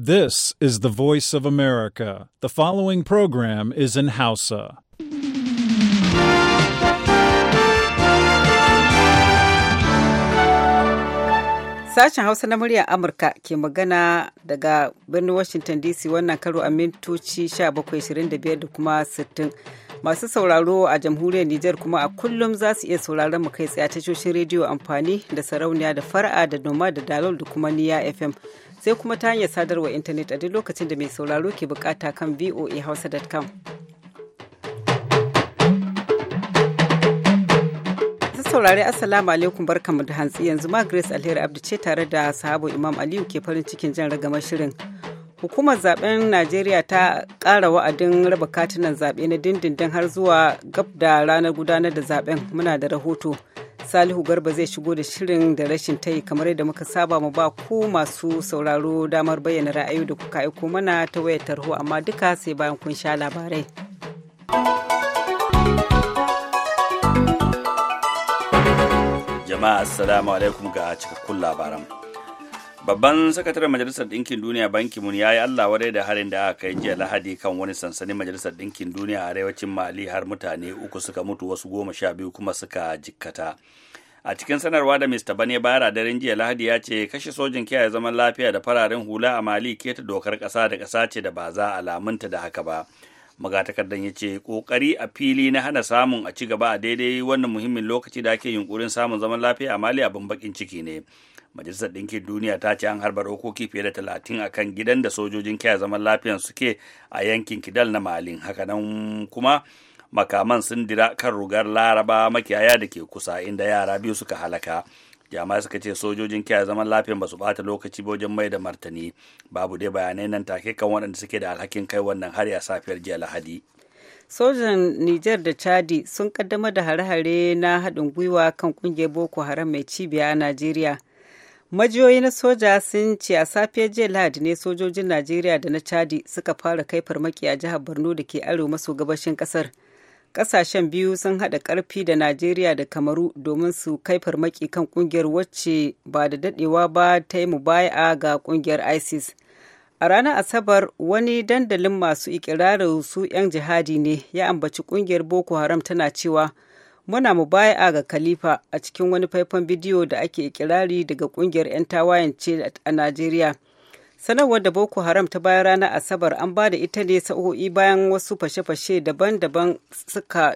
This is the voice of America. The following program is in Hausa. Sashen Hausa na muryar Amurka ke magana daga birnin Washington DC wannan karo a mintoci 17:25 da kuma 60. Masu sauraro a jamhuriyar Nijar kuma a kullum za su iya sauraron mu kai tsaye tashoshin rediyo amfani da sarauniya da fara'a da noma da dalol da kuma niya FM. sai kuma ta hanyar sadarwa intanet a duk lokacin da mai sauraro ke bukata kan voahausa.com. saurari assalamu alaikum barkamu da hantsi yanzu ma grace alheri abdu ce tare da sahabu imam aliyu ke farin cikin jan ragamar shirin hukumar zaben najeriya ta kara wa'adin raba katunan zaɓe na dindindin har zuwa gab da ranar gudanar da zaben muna da rahoto Salihu Garba zai shigo da shirin da rashin tayi kamar yadda muka saba mu ba ku masu sauraro damar bayyana ra'ayoyi da kuka aiko mana ta wayar tarho amma duka sai bayan kun sha labarai. Jama'a assalamu alaikum ga cikakkun labaran. Babban sakataren Majalisar Ɗinkin Duniya Banki Mun ya yi Allah wadai da harin da aka kai jiya Lahadi kan wani sansanin Majalisar Ɗinkin Duniya a arewacin Mali har mutane uku suka mutu wasu goma sha biyu kuma suka jikkata. a cikin sanarwa da mr bane bara daren jiya lahadi ya ce kashe sojin kiyaye zaman lafiya da fararen hula a mali keta dokar kasa da kasa ce da ba za a lamunta da haka ba magatakardan ya ce kokari a fili na hana samun a ci gaba a daidai wannan muhimmin lokaci da ake yunkurin samun zaman lafiya a mali abin bakin ciki ne majalisar ɗinkin duniya ta ce an harba dokoki fiye da talatin a kan gidan da sojojin kiyaye zaman lafiyan suke a yankin kidal na malin hakanan kuma makaman sun dira kan rugar laraba makiyaya da ke kusa inda yara biyu suka halaka jama'a suka ce sojojin kiyaye zaman lafiyan ba su bata lokaci ba wajen mai da martani babu dai bayanai nan take kan waɗanda suke da alhakin kai wannan har a safiyar jiya lahadi sojan niger da chadi sun kaddamar da hare-hare na haɗin gwiwa kan kungiyar boko haram mai cibiya a najeriya majiyoyi na soja sun ce a safiyar jiya lahadi ne sojojin najeriya da na chadi suka fara kai farmaki a jihar borno da ke arewa maso gabashin ƙasar kasar Ƙasashen biyu sun haɗa ƙarfi da Najeriya da Kamaru domin su kai farmaki kan ƙungiyar wacce ba da dadewa ba ta yi mubaya ga ƙungiyar ISIS. A ranar Asabar wani dandalin masu ikirarin su 'yan jihadi ne ya ambaci ƙungiyar Boko Haram tana cewa muna mubaya'a ga Khalifa a cikin wani faifan bidiyo da ake ikirari daga ƙungiyar 'yan tawayen ce a Najeriya. sanarwar da boko haram ta bayan ranar asabar an ba da ita ne sa'o'i bayan wasu fashe-fashe daban-daban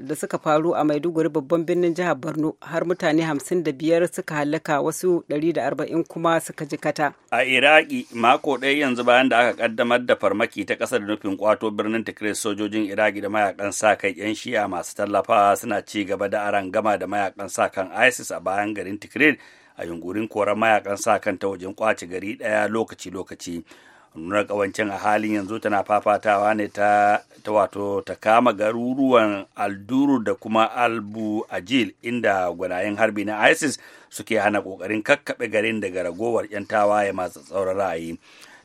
da suka faru a maiduguri babban birnin jihar borno har mutane 55 suka halaka wasu 140 kuma suka jikata a iraki mako ɗaya yanzu bayan da aka kaddamar da farmaki ta ƙasa da nufin kwato birnin tikris sojojin iraki da mayakan sa kai yan shiya masu tallafawa suna ci gaba da arangama gama da mayakan sa kan isis a bayan garin tikrit a yunkurin koran mayakan sa kanta wajen kwace gari daya lokaci-lokaci nuna kawancin a halin yanzu tana fafatawa ne ta, wato ta kama garuruwan alduru da kuma albu ajil inda gwanayen harbi na isis suke hana kokarin kakkaɓe garin daga ragowar 'yan tawaye masu tsauran ra'ayi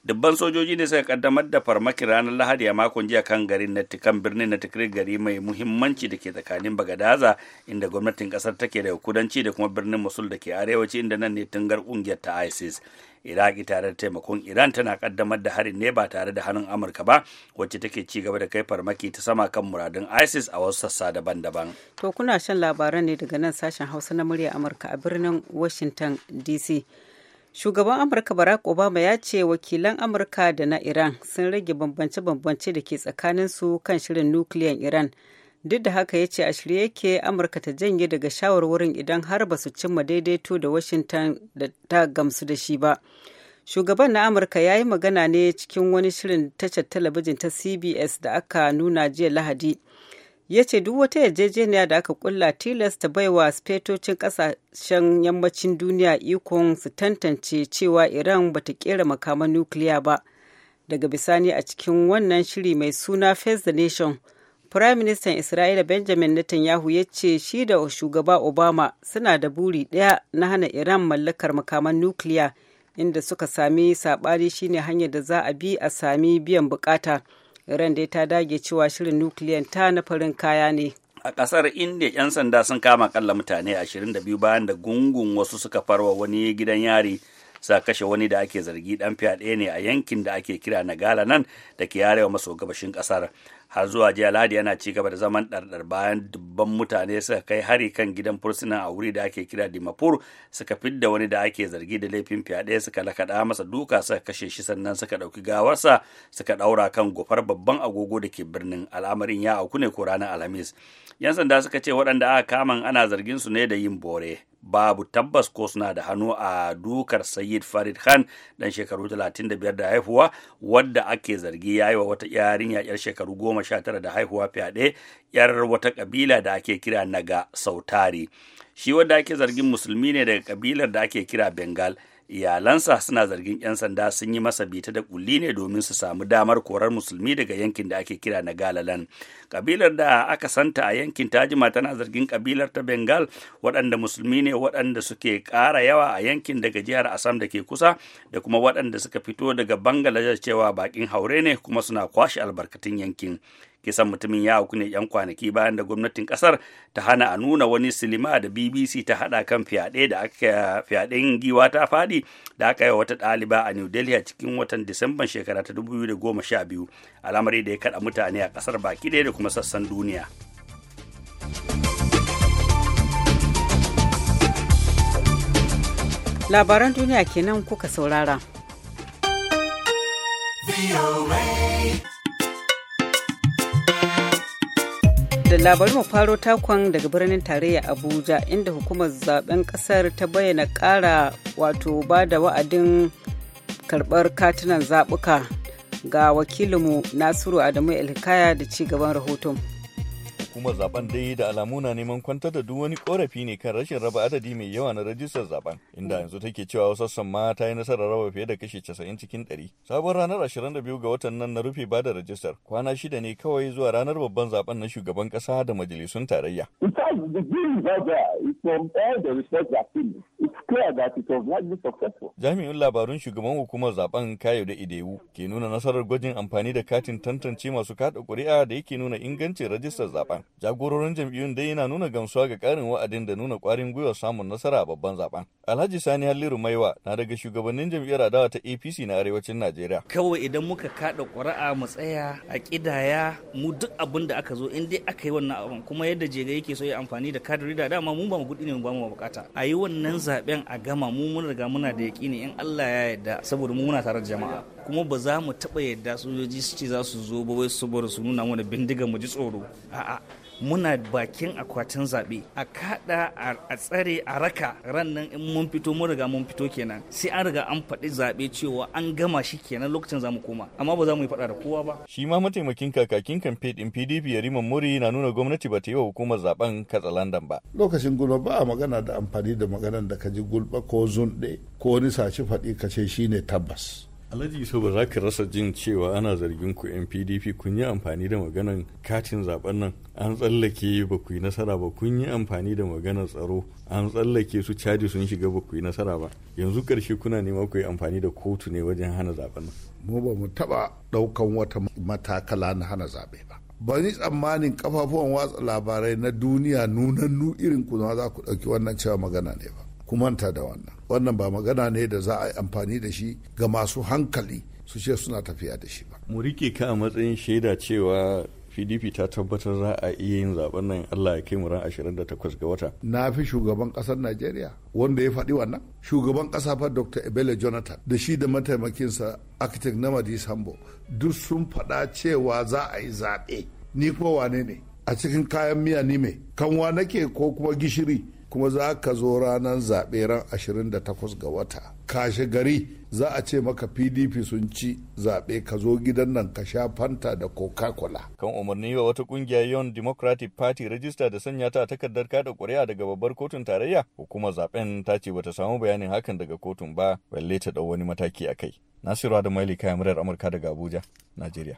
dubban sojoji ne suka kaddamar da farmaki ranar lahadi a makon jiya kan garin na tikan birnin na gari mai muhimmanci da ke tsakanin bagadaza inda gwamnatin kasar take da kudanci da kuma birnin musul da ke arewaci inda nan ne tungar kungiyar ta isis iraki tare da taimakon iran tana kaddamar da harin ne ba tare da hannun amurka ba wacce take ci gaba da kai farmaki ta sama kan muradun isis a wasu sassa daban-daban to kuna shan labaran ne daga nan sashen hausa na murya amurka a birnin washington dc Shugaban Amurka Barack Obama ya ce wakilan Amurka da na Iran sun rage bambance-bambance da ke tsakaninsu kan shirin nukiliyan Iran. Duk da haka ya ce a shirye yake Amurka ta janye daga shawarwarin idan har ba su cimma daidaito da Washington da ta gamsu da shi ba. Shugaban na Amurka ya yi magana ne cikin wani shirin tashar talabijin ta CBS da aka nuna jiya Lahadi. ya ce duk wata yarjejeniya da aka kulla tilasta ta baiwa spetocin kasashen yammacin duniya ikon su tantance cewa iran ba ta kera makaman nukiliya ba daga bisani a cikin wannan shiri mai suna face the nation prime minister isra'ila benjamin netanyahu ya ce shi da shugaba obama suna da buri ɗaya na hana iran mallakar makaman nukiliya inda suka sami sabari shine hanyar da za a bi a sami biyan bukata. iran dai ta dage cewa shirin nukiliyan ta na farin kaya ne a kasar india 'yan sanda sun kama kalla mutane 22 bayan da gungun wasu suka farwa wani gidan yari sa kashe wani da ake zargi dan fyaɗe ne a yankin da ake kira nagala nan da ke yarewa maso gabashin ƙasar har zuwa jiya ladi yana ci gaba da zaman ɗarɗar bayan dubban mutane suka kai hari kan gidan fursuna a wuri da ake kira dimapur suka fidda wani da ake zargi da laifin fyaɗe suka lakaɗa masa duka suka kashe shi sannan suka ɗauki gawarsa suka ɗaura kan gofar babban agogo da ke birnin al'amarin ya auku ne ko ranar alhamis yan sanda suka ce waɗanda aka kaman ana zargin su ne da yin bore babu tabbas ko suna da hannu a dukar Sayyid Farid Khan dan shekaru 35 da haihuwa wadda ake zargi yayi wa wata yarinya yar shekaru goma sha tara da haihuwa fyaɗe yar wata kabila da ake kira naga sautari shi wanda ake zargin musulmi ne daga kabilar da ake kira bengal iyalansa suna zargin 'yan sanda sun yi masa bita da kulli ne domin su samu damar korar musulmi daga yankin da ake kira na galalan kabilar da aka santa a yankin tajima tana zargin kabilar ta bengal waɗanda musulmi ne waɗanda suke ƙara yawa a yankin daga jihar assam da ke kusa da kuma waɗanda suka fito daga bangaladesh cewa baƙin haure ne kuma suna kwashe albarkatun yankin kisan mutumin ya auku yan kwanaki bayan da gwamnatin kasar ta hana a nuna wani silima da bbc ta hada kan fyaɗe da aka fyaɗen giwa ta faɗi da aka yi wata ɗaliba a new delhi a cikin watan disamban shekara ta 2012 al'amari da ya kaɗa mutane a kasar baki ɗaya da kuma sassan duniya labaran duniya kenan kuka saurara. da labarun mu faro takon daga birnin tarayya Abuja inda hukumar zaben kasar ta bayyana ƙara wato ba da wa'adin karɓar katunan zaɓuka ga wakilinmu Nasiru Adamu ilkaya da ci gaban rahoton. hukumar zaben dai da alamu na neman kwantar da duk wani korafi ne kan rashin raba adadi mai yawa na rajistar zaben inda yanzu take cewa sassan ma ta yi nasarar raba fiye da kashi 90 cikin 100 sabon ranar 22 ga watan nan na rufe bada rajistar kwana shida ne kawai zuwa ranar babban zaben na shugaban kasa da majalisun tarayya. it's clear that it was Jami'in labarun shugaban hukumar zaben Kayo da Idewu ke nuna nasarar gwajin amfani da katin tantance masu kada ƙuri'a da yake nuna ingancin rajistar zaben. Jagororin jam'iyyun dai yana nuna gamsuwa ga ƙarin wa'adin da nuna ƙwarin gwiwa samun nasara a babban zaben. Alhaji Sani Halliru Maiwa na daga shugabannin jam'iyyar adawa ta APC na arewacin Najeriya. Kawai idan muka kada ƙuri'a mu tsaya a ƙidaya mu duk abin da aka zo in dai aka yi wannan abin kuma yadda jega yake so ya amfani da kadiri da dama mu ba mu kuɗi ne mu ba mu bukata. A yi wannan zaben a gama mu mun riga muna da yaƙini in Allah ya yarda saboda mu muna tare da jama'a kuma ba za mu taɓa yarda sojoji su ce za su zo ba wai saboda su nuna mana bindiga mu ji tsoro a'a muna bakin akwatin zaɓe a kada a tsare a raka ran nan in mun fito mun riga mun fito kenan sai an riga an faɗi zaɓe cewa an gama shi kenan lokacin zamu koma amma ba za mu yi faɗa da kowa ba. shi ma mataimakin kakakin kamfe ɗin pdp yariman muri na nuna gwamnati ba ta yi wa hukumar zaben katsalandan ba. lokacin gulba ba a magana da amfani da maganar da ka ji gulba ko zunɗe ko wani sashi faɗi ka ce shine tabbas. alhaji so ba za ka rasa jin cewa ana zargin ku yan pdp kun yi amfani da maganan katin zaben nan an tsallake ba ku yi nasara ba kun yi amfani da maganar tsaro an tsallake su caji sun shiga ba ku yi nasara ba yanzu karshe kuna nema ku yi amfani da kotu ne wajen hana zaben nan mu ba mu taɓa ɗaukan wata matakala na hana zaɓe ba ba ni tsammanin kafafuwan watsa labarai na duniya nunannu irin ku za ku ɗauki wannan cewa magana ne ba ku manta da wannan wannan ba magana ne da za a yi amfani da shi ga masu hankali su ce suna tafiya da shi ba mu rike ka a matsayin shaida cewa pdp ta tabbatar za a iya yin zaben nan allah ya kai mu ran 28 ga wata na fi shugaban kasar najeriya wanda ya faɗi wannan shugaban ƙasa fa dr ebele jonathan da shi da mataimakinsa architect namadi sambo duk sun faɗa cewa za a yi zaɓe ni kuma wane ne a cikin kayan miya ni me kanwa nake ko kuma gishiri kuma za ka zo ranar zaɓe ran 28 ga wata kashe gari za a ce maka pdp sun ci zaɓe ka zo gidan nan ka sha fanta da coca-cola kan umarni wa wata kungiya yawan democratic party rajista da sanya ta takardar kada ƙuri'a daga babbar kotun tarayya hukumar zaben ta ce bata samu bayanin hakan daga kotun ba balle ta wani mataki a kai nasiru da maili kayan murar amurka daga abuja najeriya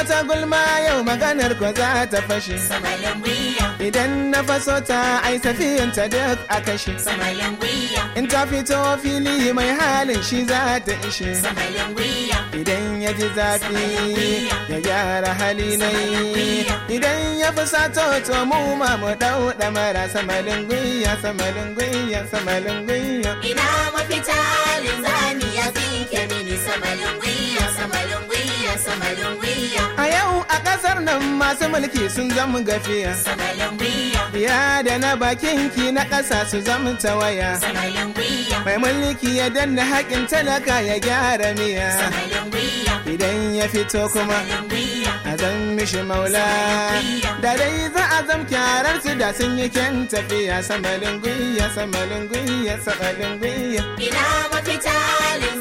wata gulma yau maganar ko za ta fashe idan na faso ta ai safiyan ta duk a kashe in ta fito fili mai halin shi za ta ishe idan ya ji zafi ya gyara hali nai idan ya fi sato to mu ma mu dau mara. samalin gwiya samalin gwiya samalin gwiya ina mafita linzani ya fi mini samalin gwiya nan masu mulki sun zama gafiya ya da na bakin ki na ƙasa su zama tawaya mai mulki ya danna haƙin talaka ya gyara miya idan ya fito kuma a zan mishi maula da dai za a zam kyarar su da sun yi kyan tafiya samalin guyya, samalin guyya, samalin guyya. ina mafi talin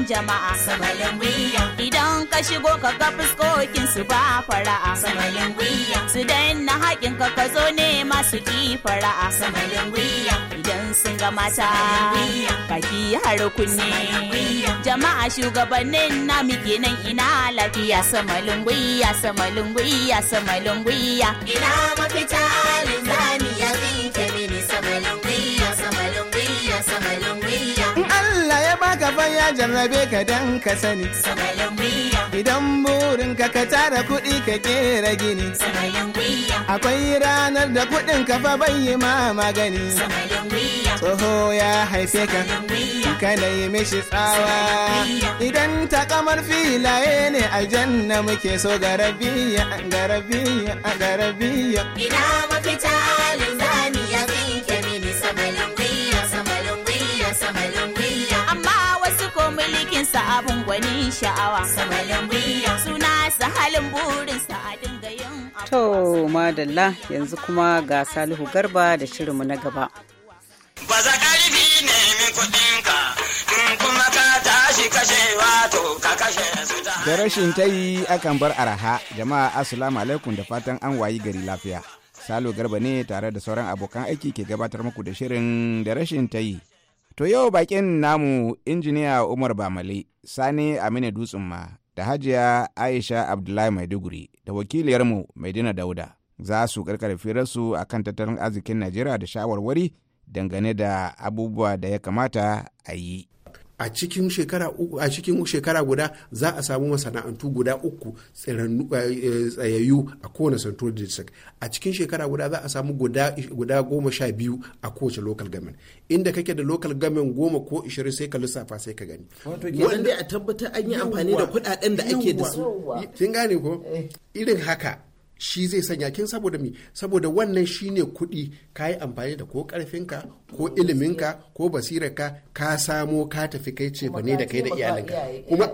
cikin jama'a samalin wiya idan ka shigo ka ga fuskokin su ba fara'a samalin wiya su daina haƙin ka ka zo ne masu ki fara'a samalin wiya idan sun ga mata ka ki har kunne jama'a shugabannin na muke nan ina lafiya samalin wiya samalin wiya samalin wiya ina mafita ka fa ya jarrabe ka dan ka sani idan burin ka ka tara kuɗi ka kera gini akwai ranar da kuɗin ka fa bai ma magani tsoho ya haife ka ka na yi mishi tsawa idan ta kamar filaye ne aljanna muke so garabiya garabiya garabiya ina mafita alin gwanin sha'awa samalin biyan suna su halin burin sa a dinga yin to madalla yanzu kuma ga salihu garba da shirinmu na gaba ba za ƙarfi nemin kuɗinka in kuma ka tashi kashe wato ka kashe su ta da rashin ta yi akan bar araha jama'a assalamu alaikum da fatan an wayi gari lafiya salo garba ne tare da sauran abokan aiki ke gabatar muku da shirin da rashin ta yi To yau bakin namu injiniya Umar Bamale Sani Aminu Dutsen ma da Hajiya Aisha Abdullahi Maiduguri da wakiliyarmu Maidina Dauda za su karkar firarsu a kan tattalin arzikin Najeriya da shawarwari dangane da abubuwa da ya kamata a yi. a cikin shekara uku a cikin shekara guda za a samu masana'antu guda uku eh, eh, tsayayyu a kowane central district a cikin shekara guda za a samu guda goma sha biyu a kowace local government inda kake da local government goma ko ishirin sai ka lissafa sai ka gani wanda a tabbatar an yi amfani da kudaden da ake da su eh. irin haka shi zai sanya kin saboda mi saboda wannan shi ne kuɗi ka yi amfani da ko karfinka ko iliminka ko basirarka ka samo ka tafi kai ce ba ne da kai da iyalinka kuma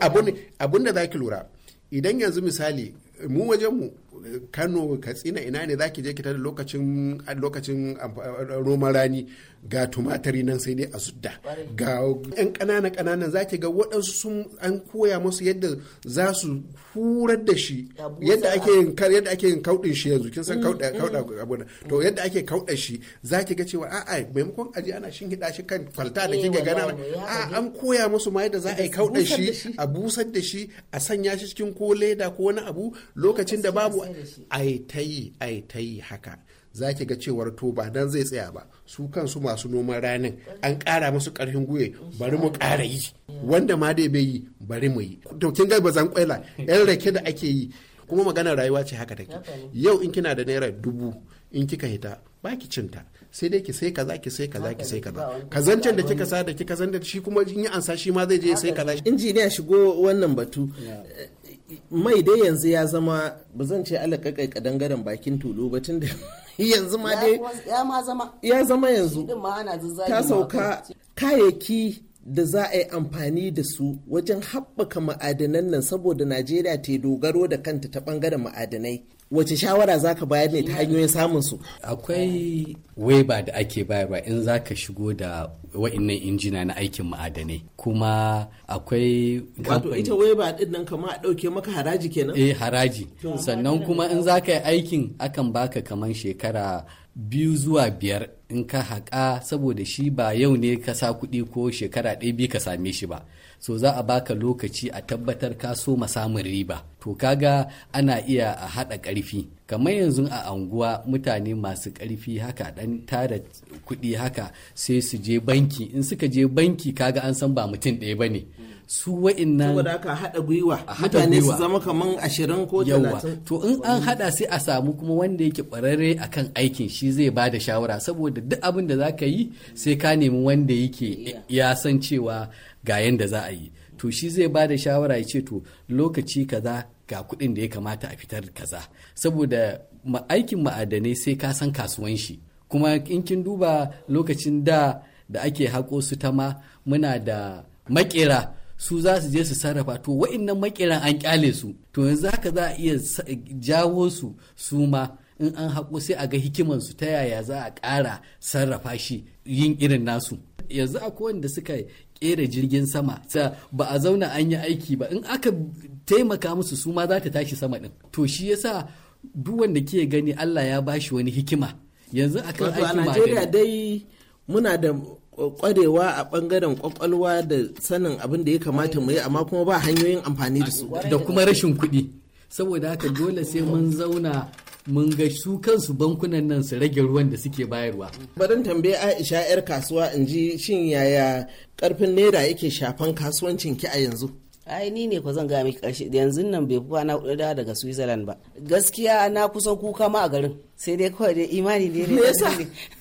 abin da za ki lura idan yanzu misali mu wajenmu kano katsina ina ne zaki je ki tada lokacin lokacin roman eh, rani ga tumatari nan sai dai a zudda ga yan ƙanana ƙananan zaki ga waɗansu sun an koya musu yadda za su hurar da shi yadda ake yin kar yadda ake yin kaudin shi yanzu kin san kauda kauda abu to yadda ake kauda shi zaki ga cewa a'a maimakon aje ana hida shi kan kwalta da kike gana a an koya musu ma yadda za a yi kauda shi a busar da shi a sanya shi cikin ko leda ko wani abu lokacin da babu ai ta yi ai ta yi haka za ki ga cewar to ba nan zai tsaya ba su kansu masu noman ranin an ƙara musu ƙarfin guye bari mu ƙara yi wanda ma dai bai yi bari mu yi to kin ga bazan kwaila yan rake da ake yi kuma magana rayuwa ce haka take yau in kina da naira dubu in kika hita ba ki cinta sai dai ki sai kaza ki sai kaza ki sai kaza kazancen da kika sa da kika zan da shi kuma in yi ansa shi ma zai je sai kaza injiniya shigo wannan batu mai dai yanzu ya zama ba zan ce alaƙaƙai kadangaren bakin tulu ba tun da yanzu ma dai ya zama yanzu ta sauka kayayyaki da za a yi amfani da su wajen haɓaka ma'adanan nan saboda najeriya ta dogaro da kanta ta ɓangaren ma'adanai wace shawara za ka bayar ne ta hanyoyin samun su akwai weba da ake ba in za ka shigo da wa'innan injina na aikin ma'adanai kuma akwai wato ita weba din nan kama a ɗauke maka haraji kenan eh haraji sannan kuma in za ka yi aikin akan baka kaman shekara biyu zuwa biyar in ka haƙa saboda shi ba yau ne ka sa kuɗi ko shekara ɗaya biyu ka same shi ba so za a baka lokaci a tabbatar ka so samun riba to kaga ana iya a haɗa ƙarfi kamar yanzu a anguwa mutane masu ƙarfi haka ɗan tara kuɗi haka sai su je banki in suka je banki kaga an san ba mutum ɗaya ba ne su wa'innan saboda aka haɗa gwiwa mutane su zama kaman ashirin ko talatin to in an haɗa sai a samu kuma wanda yake ƙwararre akan aikin shi zai ba da shawara saboda duk abin da za ka yi sai ka nemi wanda yake ya san cewa ga yanda za a yi to shi zai ba da shawara ya ce to lokaci kaza ga kuɗin da ya kamata a fitar kaza saboda aikin ma'adanai sai ka san kasuwan kuma in kin duba lokacin da da ake haƙo su ta ma muna da makera su za su je su sarrafa to wa'innan makeran an kyale su to yanzu haka za a iya jawo su su ma in an haƙo sai a ga hikimansu ta yaya za a ƙara sarrafa shi yin irin nasu yanzu akwai wanda suka kera jirgin sama ta ba a zauna an yi aiki ba in aka taimaka musu su ma za ta tashi sama din to shi yasa duk wanda ke gani Allah ya bashi wani hikima yanzu akan aiki ma Najeriya dai muna da kwarewa a bangaren kwakwalwa da sanin abin da ya kamata mu yi amma kuma ba hanyoyin amfani da su da kuma rashin kuɗi saboda haka dole sai mun zauna mun ga su kansu bankunan nan su rage ruwan da suke bayarwa. Barin tambaye Aisha 'yar kasuwa in ji shin yaya karfin naira yake shafan kasuwancin ki a yanzu? ai ni ne ko zan ga miki karshe yanzu nan bai fi kwana hudu da daga switzerland ba gaskiya na kusan kuka ma a garin sai dai kawai dai imani ne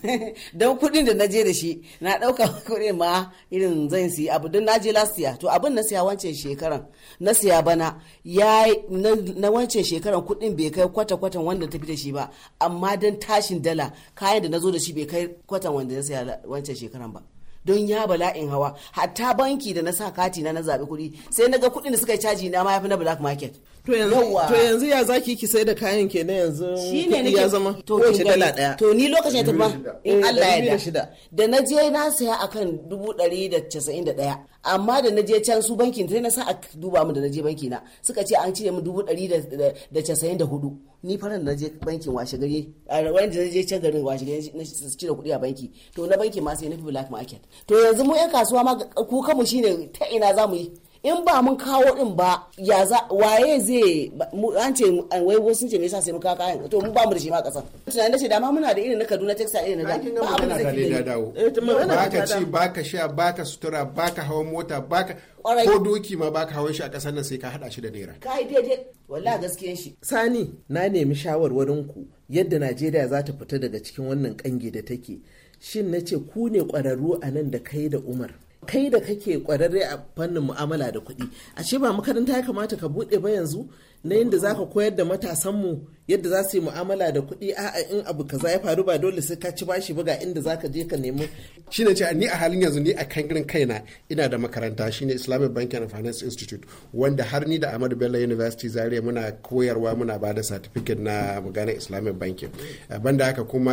ne don kudin da na je da shi na dauka kudin ma irin zan siya abu don na je last year to abin na siya wancan shekaran na siya bana ya na wancan shekaran kudin bai kai kwata kwatan wanda tafi da shi ba amma don tashin dala kayan da na zo da shi bai kai kwatan wanda na siya wancan shekaran ba don ya bala'in hawa hatta banki da na sa kati na na zaɓi kuɗi sai na ga kuɗin da suka yi caji na ma yafi na black market to yanzu ya zaki ki sai da kayan ke na yanzu shine ya zama ko dala daya to ni lokacin ta ba in eh, Allah ya da da na je na saya akan dubu dari da casa'in da daya amma da na je can su bankin sai na sa a duba mu da na je banki na suka ce an cire mu dubu dari da casa'in da hudu ni faran da na je bankin washe gari wani da na je can garin washe gari na cire kuɗi a banki to na banki ma sai na fi black market to yanzu mu 'yan kasuwa ma kuka mu shine ta ina za mu yi in ba mun kawo din ba ya za waye zai an ce wai wasu ce me yasa sai mun kawo kayan to mun ba mu da shi ma kasan tunanin da ce dama muna da irin na Kaduna Texas irin na da ba abin da zai da dawo eh, baka ci baka sha baka sutura baka hawan mota baka ko doki ma baka hawan shi a kasar nan sai ka hada shi da naira kai daidai wallahi gaskiyan shi sani na nemi shawarwarin ku yadda Najeriya za ta fita daga cikin wannan kange da take shin nace ku ne kwararru a nan da kai da Umar kai da kake kwararre a fannin mu'amala da kuɗi a ce ba makaranta ya kamata ka buɗe ba yanzu na yadda za ka koyar da matasanmu yadda za su yi mu'amala da kuɗi a'a in abu kaza ya faru ba dole sai ka ci bashi buga ga inda za ka je ka nemi shine ce ni a halin yanzu ni a kan irin kaina ina da makaranta shine Islamic Bank and Finance Institute wanda har ni da Ahmadu Bello University Zaria muna koyarwa muna ba da certificate na magana Islamic Banking banda haka kuma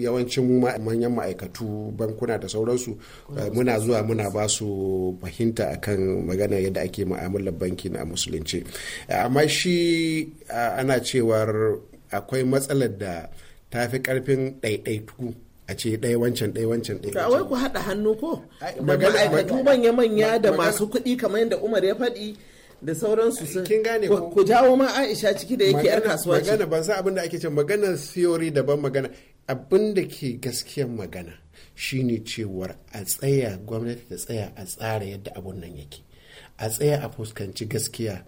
yawancin mu manyan ma'aikatu bankuna da sauransu eh, muna zuwa muna ba su fahimta akan magana yadda ake mu'amalar banki na musulunci amma shi ana cewar akwai matsalar da ta fi karfin ɗaiɗaitu a ce ɗaya wancan ɗaya wancan ɗaya wancan. ku haɗa hannu ko da ma'aikatu manya-manya da masu kuɗi kamar yadda umar ya faɗi da sauransu sun kin gane ku jawo ma Aisha ciki da yake yar kasuwa ce magana ban san abin da ake ce magana theory daban magana abin da ke gaskiyar magana shine cewar a tsaya gwamnati ta tsaya a tsara yadda abun nan yake a tsaya a fuskanci gaskiya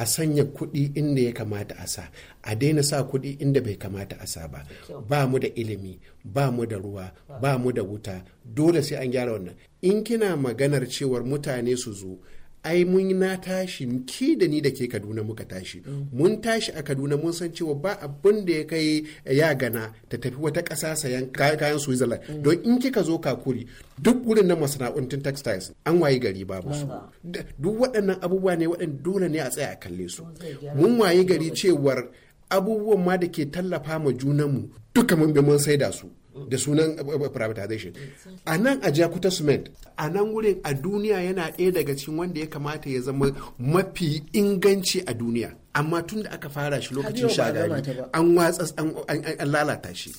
a sanya kuɗi inda ya kamata a sa a daina sa kuɗi inda bai kamata a sa ba ba mu da ilimi ba mu da ruwa ba mu da wuta dole sai an gyara wannan in kina maganar cewar mutane su zo ai mun na tashi ki da ni da ke kaduna muka tashi mun tashi a kaduna mun san cewa ba abin da ya kai ya gana ta tafi wata ƙasa sayan kayan switzerland mm. don in kika zo kakuri duk wurin na masana'antun textiles an waye gari ba musu duk waɗannan abubuwa ne waɗanda dole ne a tsaya a kalle su mun waye gari cewar abubuwan ma da ke tallafa ma junanmu duka mun bi mun saida su da sunan eh, eh, privatization a nan a jakuta cement a nan wurin a duniya yana ɗaya daga cikin wanda ya kamata ya zama mafi inganci a duniya amma tun da aka fara shi lokacin shagari an watsa an lalata shi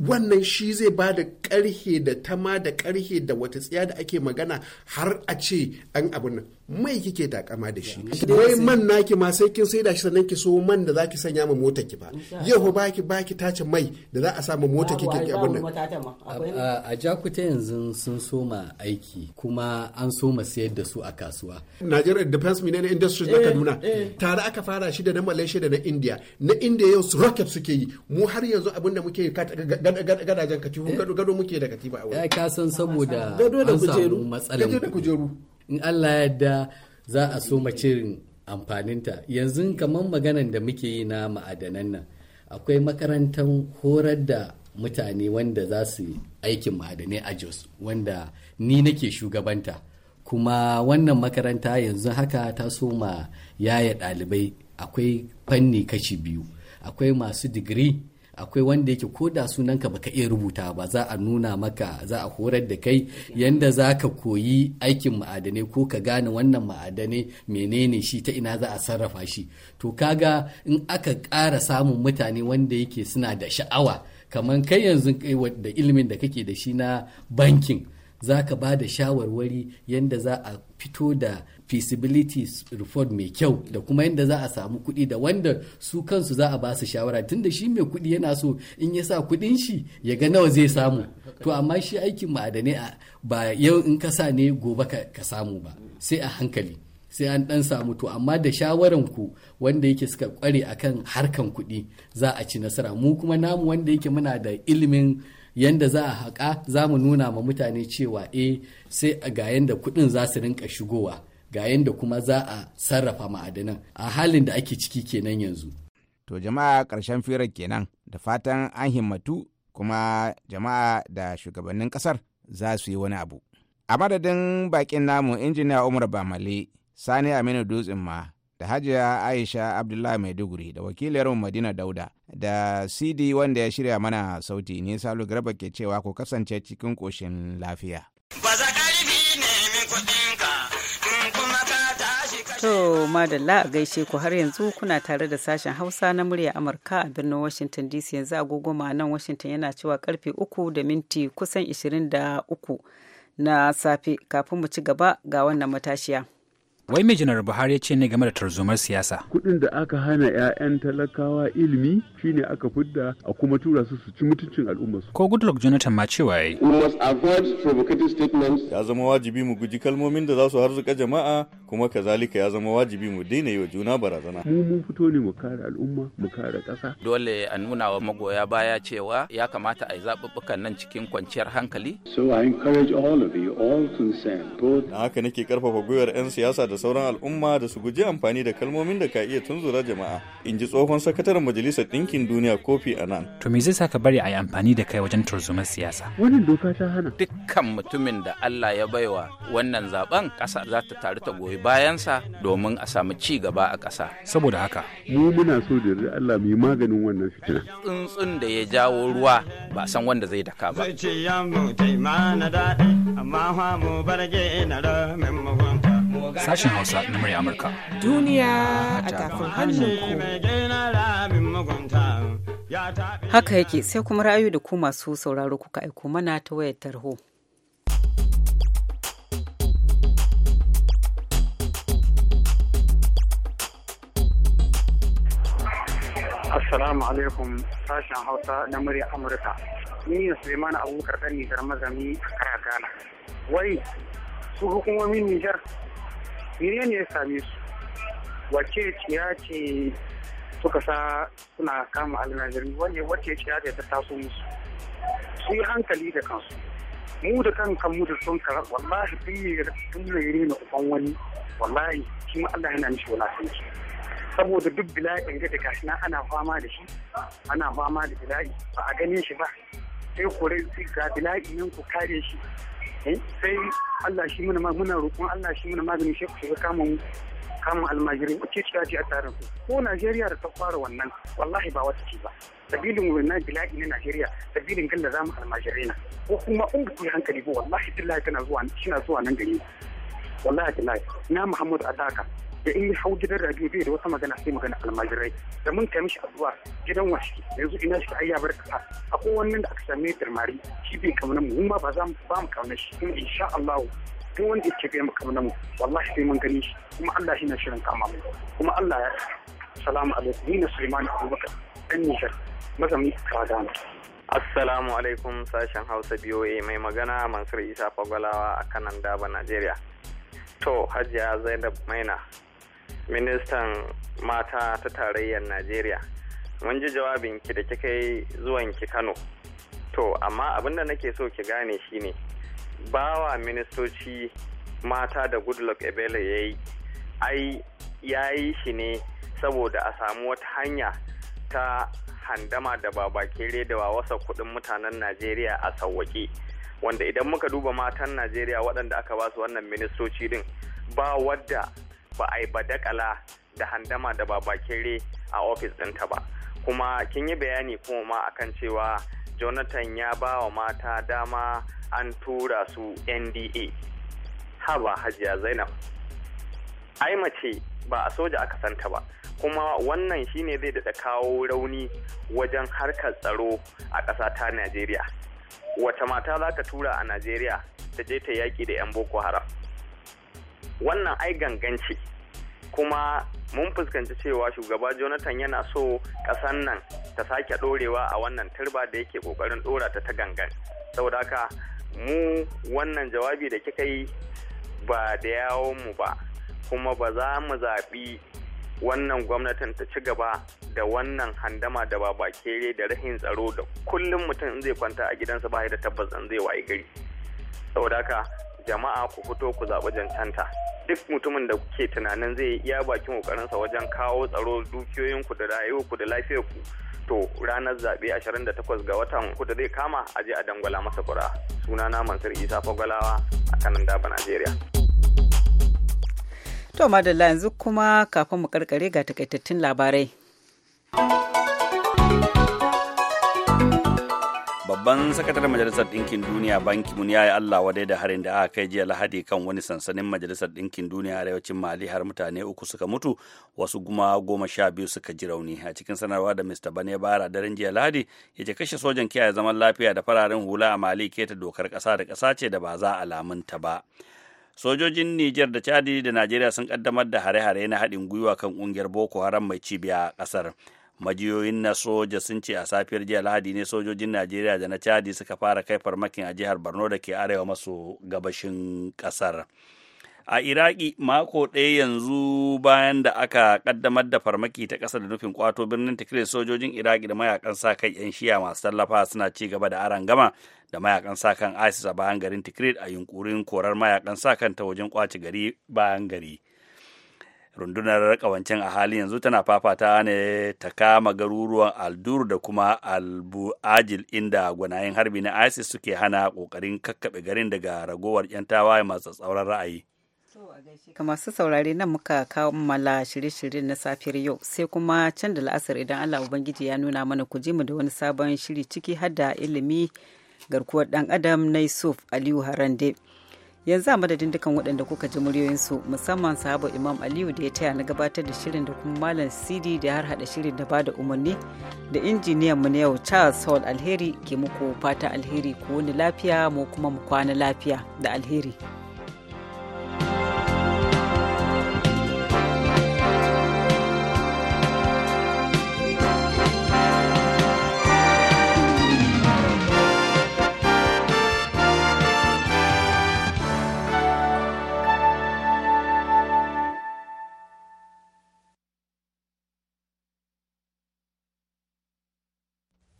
wannan shi zai ba da karhe da tama da karhe da wata tsiya da ake magana har a ce an abin nan mai kike takama da shi wai man naki ma sai kin sai da shi sannan ki so man da zaki sanya ma mota ki ba yau baki ki tace mai da za a sa ma mota kike abin nan a jakuta yanzu sun soma aiki kuma an soma sayar da su a kasuwa Nigeria Defense Minerals Industries na eh, Kaduna eh. tare aka fara hada shi da na malaysia da na india na india yau su rocket suke yi mu har yanzu abin da muke gadajen katifu eh. gado gado muke da katifa a wuri eh, ka san saboda an samu matsalar kujeru in allah ya yarda za a so macirin amfaninta yanzu kamar maganan da muke yi na ma'adanan nan akwai makarantar horar da mutane wanda za su aikin ma'adanai a jos wanda ni nake shugabanta kuma wannan makaranta yanzu haka ta soma yaya ɗalibai akwai fanni kashi biyu akwai masu digiri akwai wanda yake ko da sunanka baka iya rubuta ba za a nuna maka za a horar da kai yanda za ka koyi aikin ma'adanai ko ka gane wannan ma'adanai menene shi ta ina za a sarrafa shi to kaga in aka ƙara samun mutane wanda yake suna da sha'awa kamar kai yanzu da ilimin da kake da shi na bankin za ka ba da shawarwari yadda za a fito da feasibility report mai kyau da kuma yadda za a samu kuɗi da wanda su kansu za a ba su shawara tun da shi mai kuɗi yana so in ya sa kuɗin shi ya ga nawa zai samu to amma shi aikin ma'adanai ba yau in ka sa ne gobe ka samu ba sai a hankali sai an ɗan samu to amma da shawaran ku wanda yake suka kware akan harkan kuɗi za a ci nasara mu kuma namu wanda yake muna da ilimin yanda za a haƙa za mu nuna ma mutane cewa eh sai ga yanda kuɗin za su rinka shigowa ga yanda kuma za a sarrafa ma'adanan a halin da ake ciki kenan yanzu. To jama'a ƙarshen firar kenan da fatan an himmatu kuma jama'a da shugabannin ƙasar za su yi wani abu. A madadin baƙin namu injiniya Umar Bamale, Sani Aminu Dutsen ma da hajiya aisha abdullahi maiduguri da wakilar madina dauda da cd wanda ya shirya mana sauti ne salu garba ke cewa ku kasance cikin koshin lafiya To madalla a gaishe ku har yanzu kuna tare da sashen Hausa na murya Amurka a birnin Washington DC yanzu agogo nan Washington yana cewa karfe uku da minti kusan 23 na safe kafin mu ci gaba ga wannan matashiya. Wai mai janar Buhari ya ce ne game da tarzomar siyasa. Kuɗin da aka hana 'ya'yan talakawa ilimi shine aka fidda a kuma tura su su ci mutuncin al'ummarsu. Ko Goodluck Jonathan ma cewa yayi. Ya zama wajibi mu guji kalmomin da za su harzuka jama'a kuma kazalika ya zama wajibi mu daina yi wa juna barazana. Mu mun fito ne mu kare al'umma mu kare ƙasa. Dole a nuna wa magoya baya cewa ya kamata a yi zaɓuɓɓukan nan cikin kwanciyar hankali. So I encourage all of you all concerned both. Na haka nake karfafa gwiwar 'yan siyasa da sauran al'umma da su guji amfani da kalmomin da ka iya tunzura jama'a. In ji tsohon sakataren majalisar ɗinkin duniya Kofi Annan. To me zai saka bari a yi amfani da kai wajen turzumar siyasa? Wannan doka ta hana. Dukkan mutumin da Allah ya baiwa wannan zaben ƙasa za ta taru ta goyi bayansa domin a samu ci gaba a ƙasa. Saboda haka. Mu muna so da Allah mu maganin wannan fitina. Tsuntsun da ya jawo ruwa ba san wanda zai daka ba. Zai ce ya mu taimana daɗi amma fa mu barge na ramin Sashen Hausa na murya Amurka. Duniya a tafin hannunku. Haka yake sai kuma ra'ayi da ku masu sauraro kuka aiko mana ta wayar tarho. Assalamu alaikum sashen Hausa na murya Amurka. Ni ne Suleiman Abubakar ɗan Nijar mazami a kaya Ghana. Wai su hukumomin Nijar mene ne ya same su? Wace ciya ce suka sa suna kama alnajiri wani wace ciya ce ta taso musu? Su yi hankali da kansu. Mu da kan kanmu da sun kara wallahi tun ne rena uban wani wallahi shi ma Allah yana mishi wulatanci. saboda duk bila'in ga daga na ana fama da shi ana fama da bila'i ba a ganin shi ba sai kore ga bila'i nan ku kare shi eh, sai Allah shi muna muna roƙon Allah shi muna maganin shi ku shiga kamun kamun almajirin wacce ci ce a tsarin ku ko Najeriya da ta fara wannan wallahi ba wata ce ba sabilin wannan bila'i na Najeriya sabilin galla za mu almajirai na ko kuma in ku yi hankali ba wallahi billahi tana zuwa tana zuwa nan gani. wallahi billahi na Muhammadu Adaka da in ya hau gidan radio bai da wata magana sai magana almajirai da mun kai mishi addu'a gidan washi yanzu ina shi ayya bar kasa akwai wannan da aka same tarmari shi bai kamar mu ma ba za mu ba mu kamar shi kuma insha Allah duk wanda yake bai mu kamar mu wallahi sai mun gani shi kuma Allah shi na shirin kama mu kuma Allah ya salamu alaikum ni na Suleiman Abubakar dan Nijar mazami Kaduna Assalamu alaikum sashen Hausa BOA mai magana Mansur Isa Fagwalawa a kanan Daba Najeriya. To, Hajiya Zainab Maina, ministan mata ta tarayyar najeriya mun ji jawabin ki da kika yi zuwan ki kano to amma abin da nake so ki gane shine bawa ministoci mata da goodluck ebele ya yi ai ya yi shi ne saboda a samu wata hanya ta handama da babakere da wasa kudin mutanen najeriya a sauwaƙe wanda idan muka duba matan najeriya waɗanda aka ba su wannan ministoci din ba wadda ba a yi badakala da handama da re a ofis ɗinta ba kuma kin yi bayani kuma ma akan cewa jonathan ya ba wa mata dama an tura su nda haba hajiya zainab ai mace ba a soja aka santa ba kuma wannan shine zai daɗa kawo rauni wajen harkar tsaro a ƙasa ta najeriya wata mata za ka tura a najeriya ta je ta yaƙi da 'yan boko haram wannan ai ganganci kuma mun fuskanci cewa shugaba jonathan yana so kasan nan ta sake dorewa a wannan turba da yake kokarin dora ta ta gangan saboda haka mu wannan jawabi da kika yi ba da yawon mu ba kuma ba za mu zaɓi wannan gwamnatin ta ci gaba da wannan handama da ba babakere da rahin tsaro da kullum mutum zai kwanta a gidansa ba da tabbas zai waye gari saboda haka jama'a ku fito ku zaɓi jantanta duk mutumin da kuke tunanin zai iya bakin ƙoƙarinsa wajen kawo tsaro dukiyoyinku da rayuwarku da lafiyarku to ranar zaɓe ashirin da 28 ga watan ku da zai kama a je a dangwala masa kura sunana mansur isa fagwalawa a kanan daba najeriya to madalla yanzu kuma kafin mu karkare ga takaitattun labarai babban sakataren majalisar ɗinkin duniya banki mun ya yi allah wadai da harin da aka kai jiya lahadi kan wani sansanin majalisar ɗinkin duniya arewacin mali har mutane uku suka mutu wasu kuma goma sha biyu suka ji rauni a cikin sanarwa da mr bane bara daren jiya lahadi ya ce kashe sojan kiyaye zaman lafiya da fararen hula a mali keta dokar ƙasa da ƙasa ce da ba za a lamunta ba sojojin Nijar da Chadi da Najeriya sun kaddamar da hare-hare na haɗin gwiwa kan ƙungiyar Boko Haram mai cibiya a ƙasar. majiyoyin na soja sun ce a safiyar jiya lahadi ne sojojin najeriya da na chadi suka fara kai farmakin a jihar borno da ke arewa maso gabashin kasar a iraki mako ɗaya yanzu bayan da aka kaddamar da farmaki ta ƙasa da nufin kwato birnin tikrit sojojin iraki da mayakan sa kai yan shiya masu tallafa suna ci gaba da arangama da mayakan sa kan isis a bayan garin tikrit a yunkurin korar mayakan sa kan ta wajen kwace gari bayan gari rundunar kawancin a halin yanzu tana fafata ne ta kama garuruwan aldur da kuma ajil inda gwanayen harbi na isis suke hana kokarin kakkaɓe garin daga ragowar 'yan tawaye masu tsauran ra'ayi ga masu saurare nan muka kammala shirye-shiryen na safiyar yau sai kuma can da la'asar idan allah ubangiji ya nuna mana ku ji mu da wani sabon shiri ciki hada ilimi garkuwar dan adam na yusuf aliyu harande yanzu a madadin dukkan waɗanda kuka ji muryoyinsu musamman sahaba imam aliyu da ya taya na gabatar da shirin da kuma malam cd da har hada shirin da ba da umarni da injiniyan mu na yau charles hall alheri ke muku fata alheri ku wani lafiya mu kuma mu kwana lafiya da alheri